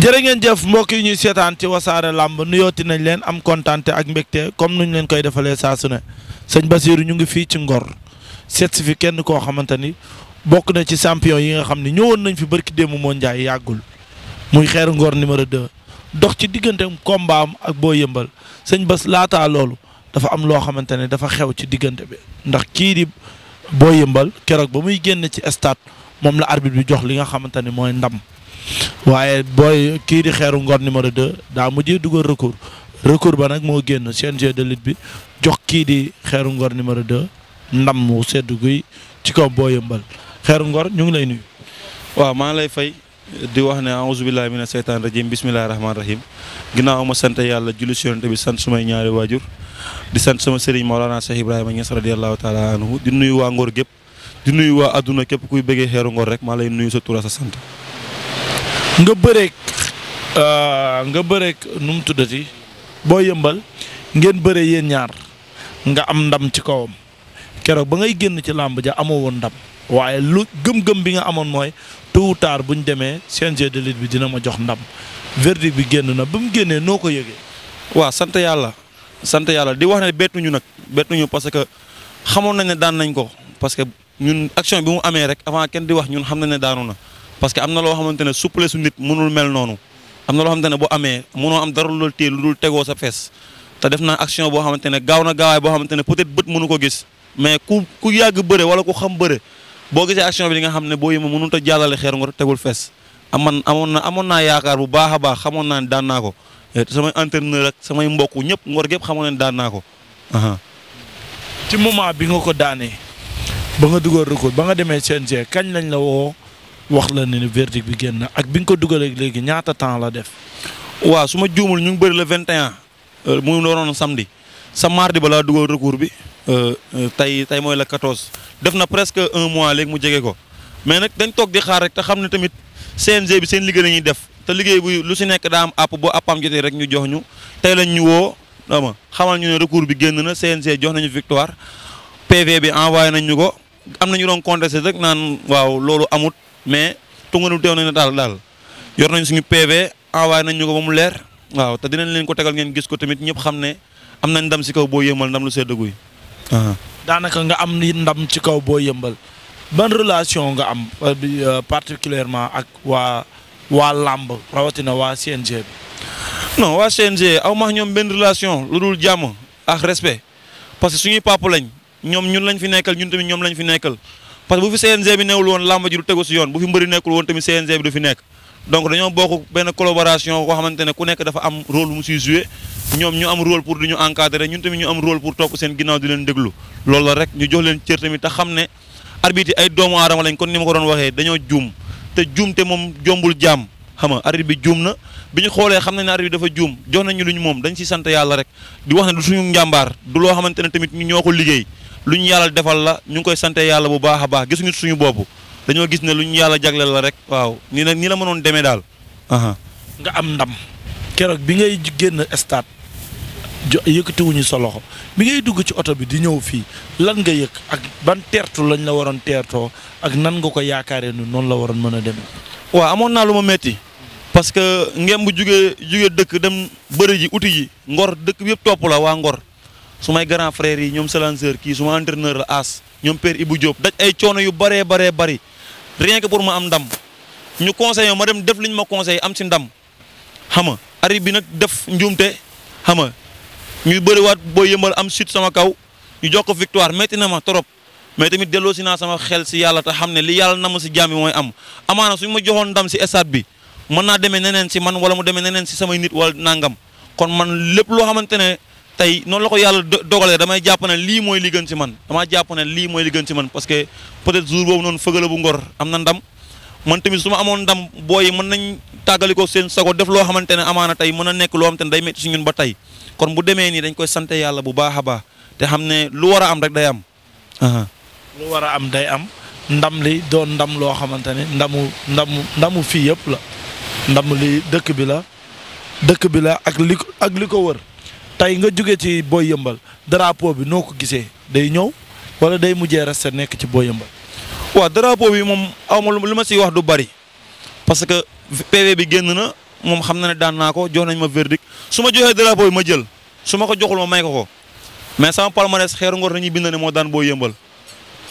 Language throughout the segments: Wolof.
jëre ngeen jëf mbokk yi ñuy seetaan ci wasaare làmb nuyooti nañ leen am kontaan ak mbégte comme nuñ leen koy defalee saa su ne sëñ Basiiru ñu ngi fii ci Ngor seet si fi kenn koo xamante ni bokk na ci champion yi nga xam ne ñëwoon nañ fi barki démb moo njaay yàggul muy xeer Ngor numéro de dox ci diggante combat am ak boo yëmbal sëñ Bas laataa loolu dafa am loo xamante ne dafa xew ci diggante bi ndax kii di boo yëmbal keroog ba muy génn ci stade moom la arbitre bi jox li nga xamante ne mooy ndam. waaye booy kii di xeeru ngor numéro de daa mujj dugal recours recours ba nag moo génn CNG de lutte bi jox kii di xeeru ngor numéro de ndam mu sedd guy ci kaw boo yëmbal xeeru ngor ñu ngi lay nuyu. waaw maa lay fay di wax ne auzu billahi mina seytaan rajim bismillahi rahmaani rahim ginnaaw ma sant yàlla julli si yonent bi sant sumay ñaari waajur di sant sama sëriñ Maolana Cheikh Ibrahima a radiyallahu taala anhu di nuy waa Ngor gépp di nuyu waa adduna képp kuy bëggee xeeru Ngor rek maa lay nuyu sa tur sa sant. nga bëreeg euh, nga bëreeg nu mu tuddati boo yëmbal ngeen bëree yéen ñaar nga am ndam ci kawam keroog ba ngay génn ci làmb ja amoo woon ndam waaye lu gëm-gëm bi nga amoon mooy tôt ou tard bu ñu demee CNG de lutte bi dina ma jox ndam verdict bi génn na ba mu génnee noo ko yëgee. waa sant yàlla sant yàlla di wax ne ñu nag ñu parce que xamoon nañ ne daan nañ ko parce que ñun action bi mu amee rek avant kenn di wax ñun xam nañ ne daanu na parce que am na loo xamante ne souplesse su nit mënul mel noonu am na loo xamante ne boo amee mënoo am dara loolu téye lu dul tegoo sa fees te def naa action boo xamante ne gaaw na gaawaay boo xamante ne pour être bët mënu ko gis mais ku yàgg bëre wala ku xam bëre boo gisee action bi di nga xam ne boo yëma mënut a jàllale xeer nga tegul fees aman amoon na amoon naa yaakaar bu baax a baax xamoon naa ne daan naa ko eh, samay entraîneur ak samay mbokk ñëpp ngor gépp xamoon ne daan naa moment bi nga ko daanee ba nga dugal recours ba nga demee CNG kañ lañ la woo wax la ne verdict bi génn na ak bi nga ko dugalee léegi ñaata temps la def. waaw su ma juumul ñu ngi bëri le 21 euh, mu waroon samedi sa mardi balaa dugal recours bi euh, euh, tey tey mooy la 14 def na presque un mois léegi mu jege ko mais nag dañ toog di xaar rek te xam ne tamit CNG bi seen liggéey ñuy def te liggéey bu lu si nekk daa am àpp boo àppam rek ñu jox ñu tey lañ ñu woo ama xamal ñu ne recours bi génn na CNG jox nañu victoire PV bi envoyé nañ ñu ko am nañu doon contesté rek naan waaw loolu amut mais tunganul teew nañ taal daal yor nañ suñu PV envoyé nañ ñu ko ba mu leer waaw te dinañ leen ko tegal ngeen gis ko tamit ñëpp xam ne am nañ ndam si kaw boo yëmbal ndam lu seddaguy daanaka nga am ni ndam ci kaw boo yëmbal ban relation nga am euh, euh, particulièrement ak waa waa làmb rawatina waa CNG bi non waa CNG aw ma ñoom benn relation lu dul jàmm ak respect parce que suñuy papa lañ ñoom ñun lañ fi nekkal ñun tamit ñoom lañ fi nekkal parce que bu fi CNG bi newul woon làmb ji du tegu si yoon bu fi mbëri nekkul woon tamit CNG bi du fi nekk donc dañoo bokk benn collaboration koo xamante ne ku nekk dafa am rôle mu siy joué ñoom ñu am role pour di ñu ñun tamit ñu am rôle pour topp seen ginnaaw di leen déglu loolu la rek ñu jox leen cër tamit te xam ne arbitre ay doomu aadama lañ kon ni ma ko doon waxee dañoo juum te juum te moom jombul jaam xam nga arbitre bi juum na bi ñu xoolee xam nañ ne arbitre bi dafa juum jox nañu lu moom dañ si sant yàlla rek di wax ne du suñu njàmbaar du loo xamante ne tamit ñu ko liggéey lu ñu yàlla defal la ñu ngi koy sante yàlla bu baax a baax gisuñu suñu bopp dañoo gis ne lu ñu yàlla jagleel la rek waaw nii la nii la mënoon demee daal. nga am ndam keroog bi ngay génn stade jo yëkkatiwuñu sa loxo bi ngay dugg ci oto bi di ñëw fii lan nga yëg ak ban teertu lañ la waroon teertoo ak nan nga ko yaakaaree nu noonu la waroon mën a demee. waa amoon naa lu ma metti parce que ngem bu jugee jugee dëkk dem bëri ji uti ji ngor dëkk bi yëpp topp la waa ngor. su may grand frère yi ñoom salanceur kii su ma la as ñoom père Ibou Diop daj ay coono yu bëree baree bëri rien que pour ma am ndam ñu conseillé ma dem def li ñu ma conseillé am si ndam xam nga ari bi nag def njuumte xam nga ñuy bëriwaat boo yëmbal am chute sama kaw ñu jox ko victoire métti na ma trop mais tamit delloo si naa sama xel si yàlla te xam ne li yàlla na ma si jaam yi mooy am amaana suñu ma joxoon ndam si stade bi mën naa demee neneen si man wala mu demee neneen si samay nit wala nangam tey noonu la ko yàlla dogalee damay jàppana lii mooy li gën ci man damaa jàpp lii mooy li gën man parce que peut-être jour boobu noonu fëgala bu ngor am na ndam man tamit su ma amoon ndam booyi mën nañ tàggalikoo seen sago def loo xamante ne amaana tey mën a nekk loo xamante ne day métti ci ñun ba tey kon bu demee nii dañ koy sante yàlla bu baaxa baax te xam ne lu war a am rek day am lu war a am day am ndam li doon ndam loo xamante ne ndamu ndamu ndamu fii yëpp la ndam li dëkk bi la dëkk bi la ak li li ko wër tey nga jóge ci booy yëmbal drapeau bi noo ko gisee day ñëw wala day mujjee reste nekk ci booy yëmbal. waaw drapeau bi moom aw ma lu ma siy wax du bari parce que PV bi génn na moom xam na ne daan naa ko jox nañ ma verdict su ma joxee drapeau bi ma jël su ma ko joxul ma may ko ko mais sama palmarès xeeru ngor nañuy bind ne moo daan booy yëmbal.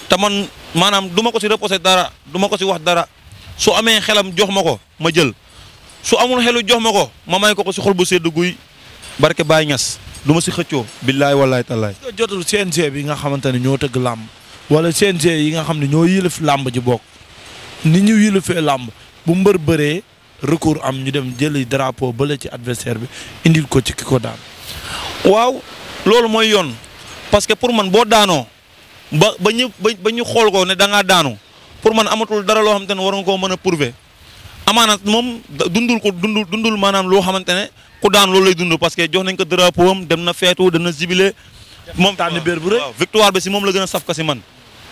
te man maanaam du ma ko si reposé dara du ma ko si wax dara su amee xelam jox ma ko ma jël su amul xelu jox ma ko ma may ko ko si xol bu sedd guy barke Baye Niass du ma si xëccoo. billaay wallaay tallaay. est-ce que bi nga xamante ne ñoo tëgg làmb wala CNG yi nga xam ne ñoo yilif làmb ji bokk ni ñu yilifee làmb bu mbër bëree recours am ñu dem jël jëli drapeau bële ci adversaire bi indil ko ci ki ko daan. waaw loolu mooy yoon parce que pour man boo daanoo ba ba ñu xool ko ne da ngaa daanu pour man amatul dara loo xam te ne war nga koo mën a prouver amaana moom dundul ko dundul dundul maanaam loo xamante ne ku daan loolu lay dund parce que jox nañ ko drapeau am dem na feetu dem na jubilé moom tànn béer bu si moom la gën saf ko si man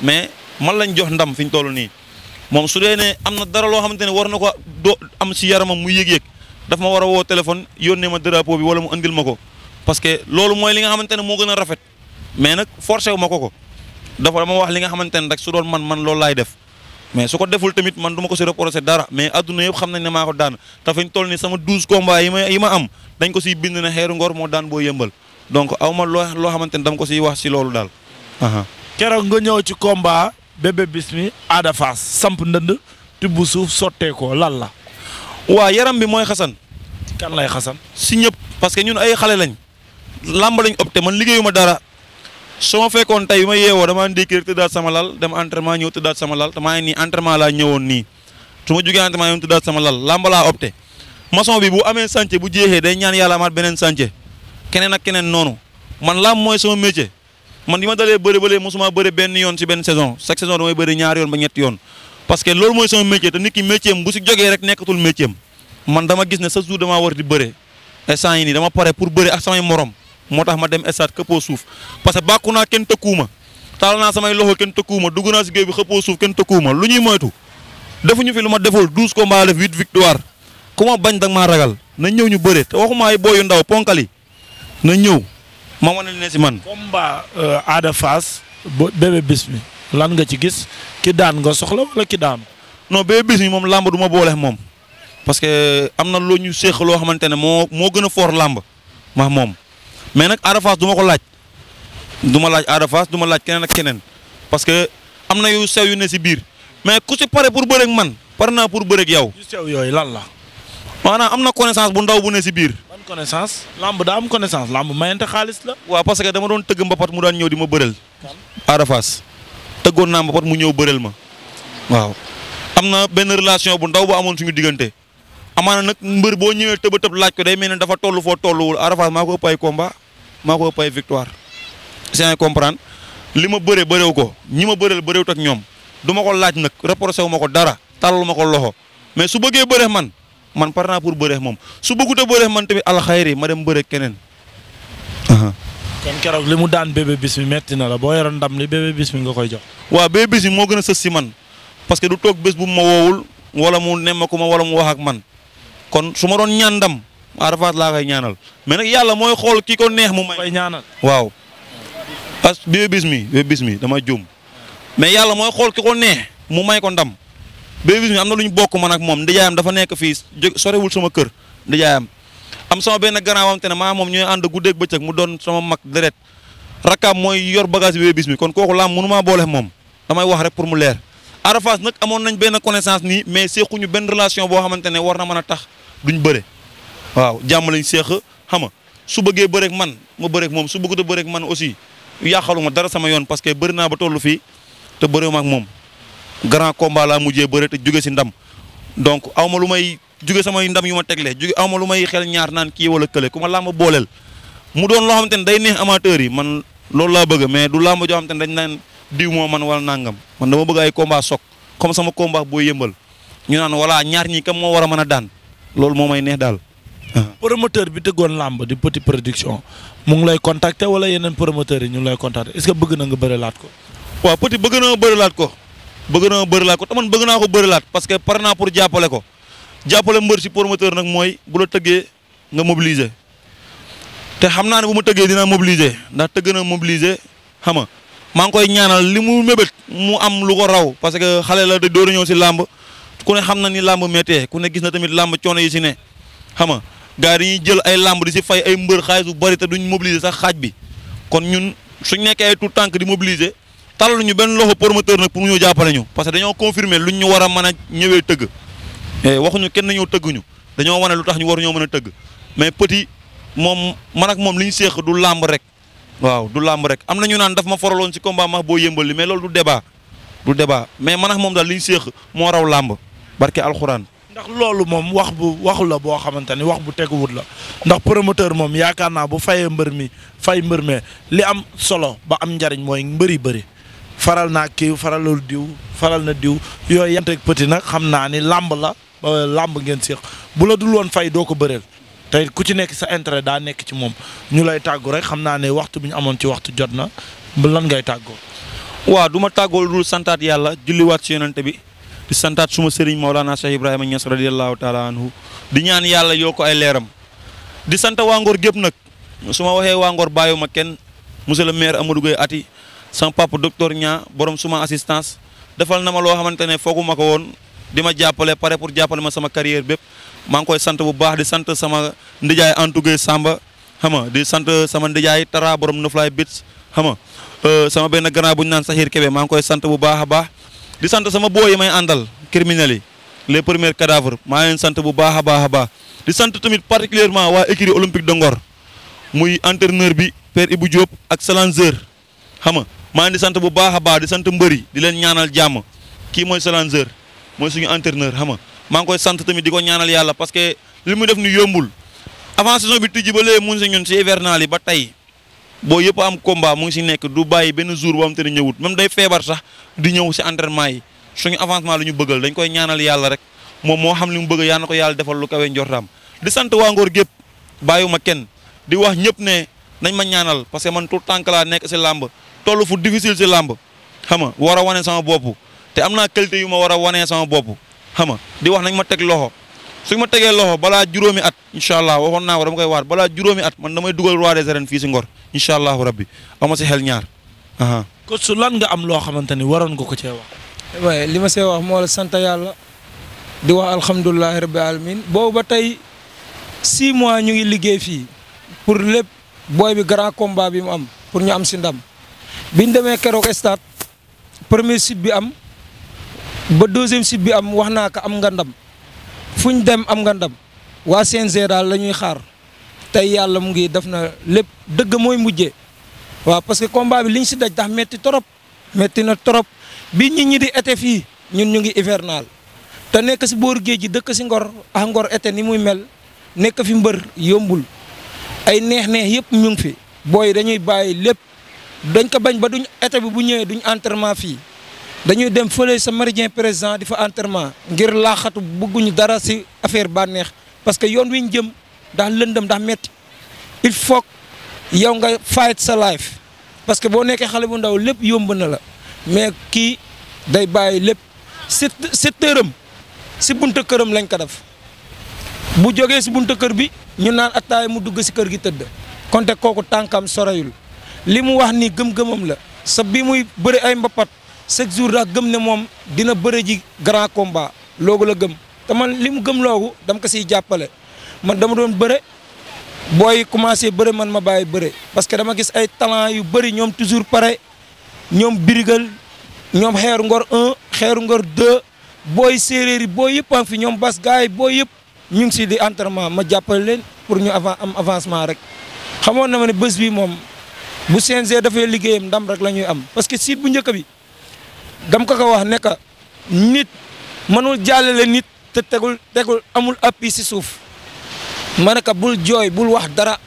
mais man lañ jox ndam fi ñu toll nii moom su dee ne am na dara loo xamante ne war na ko am si yaramam mu yëg-yëg daf ma war a woo téléphone yónnee ma drapeau bi wala mu indil ma ko parce que loolu mooy li nga xamante ne moo gën a rafet mais nag forcé wu ma ko ko dafa dama wax li nga xamante ne rek su doon man man loolu laay def mais su ko deful tamit man du ma ko si reproché dara mais adduna yëpp xam nañ ne maa ko daan te fañ toll ni sama douze combats yi ma yi am dañ ko siy bind ne xeeru ngor moo daan boo yëmbal donc aw loo loo xamante ne dama ko siy wax si loolu daal. keroog nga ñëw ci combat Bébé Bismi Ada samp ndënd tibb suuf sottee sotteekoo lan la. waa yaram bi mooy xasan. kan lay xasan si ñëpp parce que ñun ay xale lañ. làmb lañ opté man liggéeyuma dara su ma fekkoon tey bi ma yeewoo damaa ndékki rek tëddaat sama lal dem entraînement ñëw tëddaat sama lal te maa ngi nii entraînement laa ñëwoon nii su ma jugee entraînement ñëw tëddaat sama lal làmb laa opté maçon bi bu amee sance bu jeexee day ñaan yàlla amaat beneen chantier keneen ak keneen noonu man làmb mooy sama métier man di ma dalee bëri bële mosuma bëri benn yoon si benn saison chaque saison damay bëri ñaari yoon ba ñetti yoon parce que loolu mooy sama métier te nit ki métier am bu si jógee rek nekkatul métier am man dama gis ne chaque jour damaa war di bëre instant yi dama pare pour bëre ak samay morom moo tax ma dem stade xëppoo suuf parce que bàkku naa kenn tëkkuuma taal naa samay loxo kenn tëkkuuma dugg naa si géej bi xëppoo suuf kenn tëkkuuma lu ñuy moytu defuñu fi lu ma deful douze combats def huit victoire ku ma bañ dag maa ragal na ñëw ñu bëre te waxuma ay booy yu ndaw ponkali na ñëw ma wane ne si man. combat euh, Ada Fass Bébé Bismi lan nga ci gis ki daan nga soxla wala ki daan. non Bébé Bismi moom làmb du ma boole moom parce que euh, am na loo ñu séq loo xamante ne moo moo gën a fort làmb ma moom. mais nag Ada duma ko laaj du ma laaj Ada duma laaj keneen ak keneen parce que am na yu sew yu ne si biir mais ku si pare pour bëreeg man pare naa pour bëreeg yow. yu yooyu lan la. maanaam am na connaissance bu ndaw bu ne si biir. ban connaissance lamb daa am connaissance lamb mayante xaalis la. waa parce que dama doon tëgg mbapat mu daan ñëw di ma bëreel. Ada tëggoon naa mbapat mu ñëw bëreel ma waaw. am na benn relation bu ndaw bu amoon suñu diggante. amaana nag mbër boo ñëwee tëb a tëb laaj ko day mel ne dafa toll foo tolluwul Ada Fass maa ko ëpp ay combat maa ko ëpp ay victoire c'est comprendre li ma bëree bëreew ko ñi ma bëreel bëreewut ak ñoom duma ko laaj nag reproché wu ma ko dara tàllalu ma ko loxo mais su bëggee bëreex man man par naa pour bëreex moom su bëggut a bëreex man tamit alxayri ma dem bëre keneen. kon keroog li mu daan bébé bis mi metti na la boo yoroon ndam li bébé bis mi nga koy jox. waaw a parce que du toog bés bu ma wala mu nemm ko mu wax ak man kon su ma doon ñaan ndam Ada laa koy ñaanal mais nag yàlla mooy xool ki ko neex mu may. ñaanal waaw. parce que Bébé Bismi Bébé Bismi dama juum yàlla mooy xool ki ko neex mu may ko ndam Bébé am na lu ñu bokk man ak moom ndijaayam dafa nekk fii sorewul sama kër ndijaayam am sama benn garaawam te ne maa moom ñooy ànd guddeeg bëccëg mu doon sama mag deret rakkaam mooy yor bagage Bébé mi kon kooku laam mënumaa boole moom damay wax rek pour mu leer Ada Fass amoon nañ benn connaissance nii mais seexuñu benn relation boo xamante ne war na mën a tax duñ bëre waaw jàmm lañ seex xam nga su bëggee bëreeg man ma bëreeg moom su bëggut a bëreeg man aussi yàqaluma dara sama yoon parce que bëri naa ba tollu fii te bëriwuma ak moom garant combat laa mujjee bëre te jóge si ndam donc aw ma lu may jóge samay ndam yu ma tegle jóge ma lu may xel ñaar naan kii wala kële ku ma làmb booleel mu doon loo xamante ne day neex amateur yi man loolu laa bëgg mais du ma joo xamante ne dañ naan diw moo man wala nangam man dama bëgg ay combat soog comme sama combat boo yëmbal ñu naan wala ñaar ñi kam moo war a mën a daan loolu moom may neex daal. promoteur bi tëggoon làmb di petit production mu ngi lay contacter wala yeneen promoteurs yi ñu lay contacter est-ce que bëgg na nga bërilaat ko. waaw petit bëgg na ma bërilaat ko bëgg na bëri bërilaat ko te man bëgg naa ko bërilaat parce que pare naa pour jàppale ko jàppale mbër si promoteur nag mooy bu la tëggee nga mobiliser. te xam naa ne bu ma tëggee dina mobiliser ndax tëgg na mobiliser xam nga maa ngi koy ñaanal li mu mébét mu am lu ko raw parce que xale la da dóor ñëw si làmb ku ne xam na ni làmb méttee ku ne gis na tamit làmb coono yi si ne xam nga gars yi dañuy jël ay làmb di si fay ay mbër xaalis bu bari te duñ mobiliser sax xaaj bi kon ñun su nekkee ay tout tànk di mobiliser talal ñu benn loxo promoteur nag pour ñu jàppale ñu parce que dañoo confirmer luñ ñu war a mën a ñëwee tëgg eh, waxuñu kenn ñëw tëgguñu dañoo wane lu tax ñu war ñoo mën a tëgg mais petit moom man ak moom li ñu séq du làmb rek waaw du làmb rek am na ñu naan daf ma foraloon si combat boo yëmbal li mais loolu du débat du débat mais man ak moom daal li ñu làmb barke alxuraan. ndax loolu moom wax bu waxu la boo xamante ni wax bu teguwut la ndax promoteur moom yaakaar naa bu fayee mbër mi fay mbër mee li am solo ba am njariñ mooy mbëri bëri faral naa kii faralul diw faral na diw yooyu yant ak petit nag xam naa ni làmb la làmb ngeen séq bu la dul woon fay doo ko bëreel tey ku ci nekk sa intérêt daa nekk ci moom ñu lay tàggu rek xam naa ne waxtu bi ñu amoon ci waxtu jot na lan ngay tàggoo. waa duma tàggoo dul yàlla julliwaat ci bi. di santaat suma sëriñ Maolana Cheikh Ibrahima Niass radiallahu taala anhu di ñaan yàlla yoo ko ay leeram di sant waa Ngor gépp nag su ma waxee wàngoor Ngor ma kenn monsieur le maire Amadou Gueye ati sama papa docteur ña borom suma assistance defal na ma loo xamante ne fooguma ko woon di ma jàppale pare pour jàppale ma sama carrière bépp maa ngi koy sant bu baax di sant sama ndijaay Antou Gueye Samba xam nga sant sama ndijaay Tara borom Noflaay Bits xam nga euh, sama benn grand bu ñu naan Sahir Kébé maa ngi koy sant bu baax a baax. di sant sama booy yi may àndal criminels yi les premiers cadavres maa leen sant bu baax a baax baax di sant tamit particulièrement waa écurie olympique de Ngor muy entraîneur bi père Ibou Diop ak Salanzeur xam nga maa leen di sant bu baax a baax di sant mbëri di leen ñaanal jàmm kii mooy Salanzeur mooy suñu entraîneur xam nga maa ngi koy sant tamit di ko ñaanal yàlla parce que li mu def ni yombul avant saison bi tijji ba léegi mun si ñun si hivernal yi ba tey boo yëpp am combat mu ngi si nekk du bàyyi benn jour boo xam te ne ñëwut même day feebar sax di ñëw si entraînement yi suñu avancement lu ñu bëggal dañ koy ñaanal yàlla rek moom moo xam li mu bëgg yàlla na ko yàlla defal lu kawe njortaam di sant waa Ngor gépp bàyyiwuma kenn di wax ñëpp ne nañ ma ñaanal parce que man tout tànk laa nekk si làmb toll fu difficile si làmb xam nga war a wane sama bopp te am naa qualité yu ma war a wane sama bopp xam nga di wax nañ ma teg loxo suñ ma tegee loxo balaa juróomi at incha allah waxoon naa ko dama koy waat balaa juróomi at man damay dugal roi des fii si Ngor incha allahu rabbi ama si xel ñaar. kon su lan nga am loo xamante ni waroon nga ko cee wax. waaye li ma see wax moo la sant yàlla di wax alhamdulilah rabbi alamin boobu ba tey six mois ñu ngi liggéey fii pour lépp booy bi grand combat bi mu am pour ñu am si ndam biñ demee keroog stade premier site bi am ba deuxième site bi am wax naa ko am nga fu ñu dem am nga ndam waa CNG daal la ñuy xaar tey yàlla mu ngi def na lépp dëgg mooy mujje waaw parce que combat bi liñ si daj tax metti trop metti na trop bi nit ñi di été fii ñun ñu ngi hivernal te nekk si boor géej gi dëkk si ngor ah ngor été ni muy mel nekk fi mbër yombul ay neex-neex yëpp ñu fi booy dañuy bàyyi lépp dañ ko bañ ba duñ été bi bu ñëwee duñ entraînement fii. dañuy dem fële sa méridien président di fa enterrement ngir laaxatu bëgguñu dara si affaire bànneex parce que yoon wi ñu jëm ndax lëndëm ndax metti il faut yow nga fight sa life parce que boo nekkee xale bu ndaw lépp yomb na la mais kii day bàyyi lépp si si si bunta këram lañ ko def bu jógee si bunta kër bi ñu naan attaay mu dugg si kër gi tëdd konte kooku tànkam sorayul li mu wax nii gëm-gëmam la sa bi muy bëri ay mbapat chaque jour daa gëm ne moom dina bëre ji grand combat loogu la gëm te man li mu gëm loogu dam ko siy jàppale man dama doon bëre booy commencé bëre man ma bàyyi bëre parce que dama gis ay talent yu bëri ñoom toujours pare ñoom birigal ñoom xeer ngor 1 xeeru ngor 2 booy séeréer yi booy yëpp a fi ñoom bas yi booy yëpp ñu ngi si di entrement ma jàppale leen pour ñu avant am avancement rek xamoon na ma ne bés bi moom bu CNG dafay liggéeyam ndam rek la ñuy am parce que site bu njëkk bi. dam ko ko wax ne nit mënul jàllale nit te tegul tegul amul appui si suuf ma ne ka bul jooy bul wax dara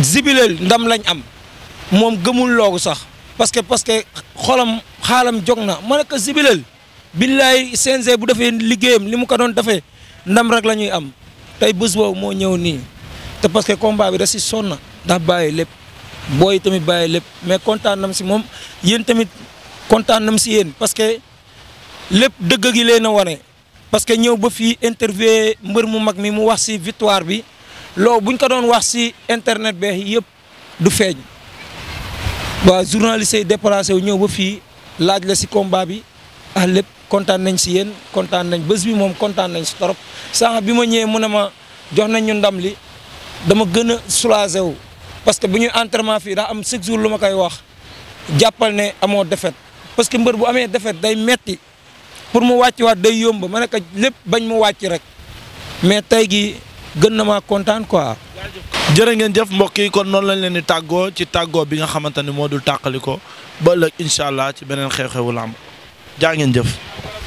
zibileel ndam lañ am moom gëmul loogu sax parce que parce que xolam xaalam jog na ma ne ka zibileel billaay CNG bu defee liggéeyam li mu ko doon defee ndam rek la ñuy am tey bés boobu moo ñëw nii te parce que combat bi da si sonn daa bàyyi lépp booy tamit bàyyi lépp mais kontaan nam si moom yéen tamit. kontaan nam si yéen parce que lépp dëgg gi leen a wane parce que ñëw ba fii interview mbër mu mag mi mu wax si victoire bi loo buñ ko doon wax si internet be yëpp du feeñ waa journaliste yi déplacé wu ñëw ba fii laaj la si combat bi ah lépp kontaan nañ si yéen kontaan nañ bés bi moom kontaan nañ si torop sànq bi ma ñëwee mun a ma jox nañ ñu ndam li dama gën a soulagé wu parce que bu ñuy entrement fii daa am chaque jour lu ma koy wax jàppal ne amoo défaite parce que mbër bu amee defet day metti pour mu wàcc waat day yomba ma ne lépp bañ mu wàcc rek mais tey gi gën na maa kontaan quoi. jëre ngeen jëf mbokk yi kon noonu lañ leen di tàggoo ci tàggoo bi nga xamante ni moo dul tàqali ko ba ëllëg incha allah ci beneen xew-xewu làmb jaa ngeen jëf.